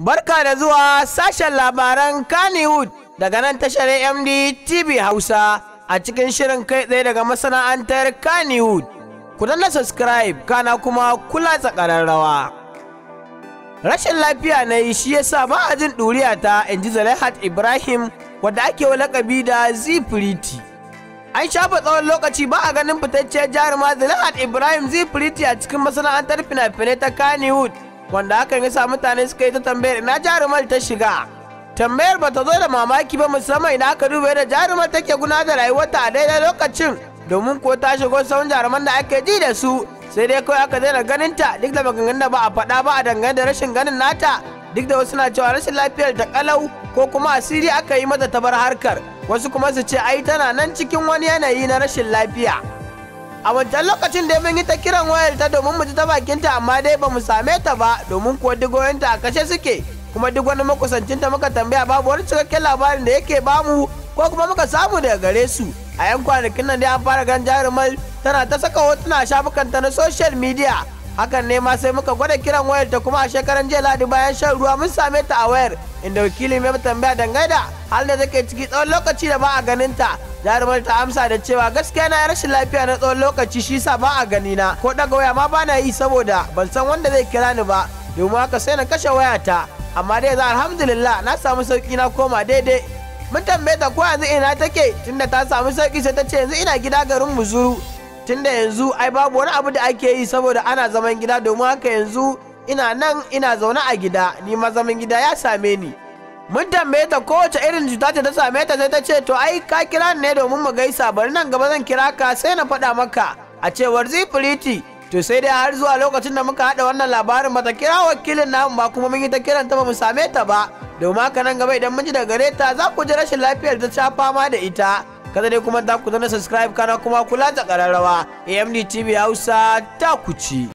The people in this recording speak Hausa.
Barka da zuwa sashen labaran Kannywood daga nan tashar AMD TV Hausa a cikin shirin kai tsaye daga masana'antar Kannywood. Ku danna subscribe kana kuma kula tsakararrawa. Rashin lafiya na yi shi yasa ba a jin ɗuriya ta in ji Ibrahim wadda ake wa lakabi da Zifiriti. An shafa tsawon lokaci ba a ganin fitacciyar jaruma Zalihat Ibrahim Zifiriti a cikin masana'antar fina-finai ta Kannywood. wanda aka yi yasa mutane suka yi ta tambayar ina jarumar ta shiga tambayar ba ta zo da mamaki ba musamman ina aka duba yadda jarumar take guna da ta a daidai lokacin domin ko ta shigo sauran jaruman da ake ji da su sai dai kawai aka daina ganin ta duk da maganganun da ba a faɗa ba a dangane da rashin ganin nata duk da wasu na cewa rashin lafiyar ta kalau ko kuma asiri aka yi mata ta harkar wasu kuma su ce ai tana nan cikin wani yanayi na rashin lafiya a wancan lokacin da mun yi ta kiran wayar ta domin mu ji ta bakin ta amma dai ba mu same ta ba domin kuwa digoyinta a kashe suke kuma duk wani ta muka tambaya babu wani cikakken labarin da yake bamu ko kuma muka samu daga gare su a yan kwanakin nan dai an fara gan jarumai tana ta saka hotuna a shafukan ta na social media hakan ne ma sai muka gwada kiran wayar ta kuma a shekaran jiya ladi bayan shan ruwa mun same ta a wayar inda wakilin ya tambaya dangane da hal da take ciki tsawon lokaci da ba a ganin ta jarumar ta amsa da cewa gaskiya na rashin lafiya na tsawon lokaci shi sa ba a gani na ko daga waya ma bana yi saboda ban san wanda zai kira ni ba domin haka sai na kashe waya ta amma dai za alhamdulillah na samu sauki na koma daidai mun tambaye ta ko yanzu ina take tunda ta samu sauki sai ta ce yanzu ina gida garin muzuru da yanzu ai babu wani abu da ake yi saboda ana zaman gida domin haka yanzu ina nan ina zaune a gida ni ma zaman gida ya same ni mun tambaye ta kowace irin cuta ce ta same ta sai ta ce to ai ka kira ni ne domin mu gaisa bari nan gaba zan kira ka sai na faɗa maka a cewar zifiriti to sai dai har zuwa lokacin da muka haɗa wannan labarin bata kira wakilin namu ba kuma mun yi ta kiran ta ba mu same ta ba domin haka nan gaba idan mun ji da gare ta za ku ji rashin lafiyar ta sha fama da ita kada ne kuma ta ku zana subscribe kana kuma kula da ƙararrawa amd tv hausa ta ku ci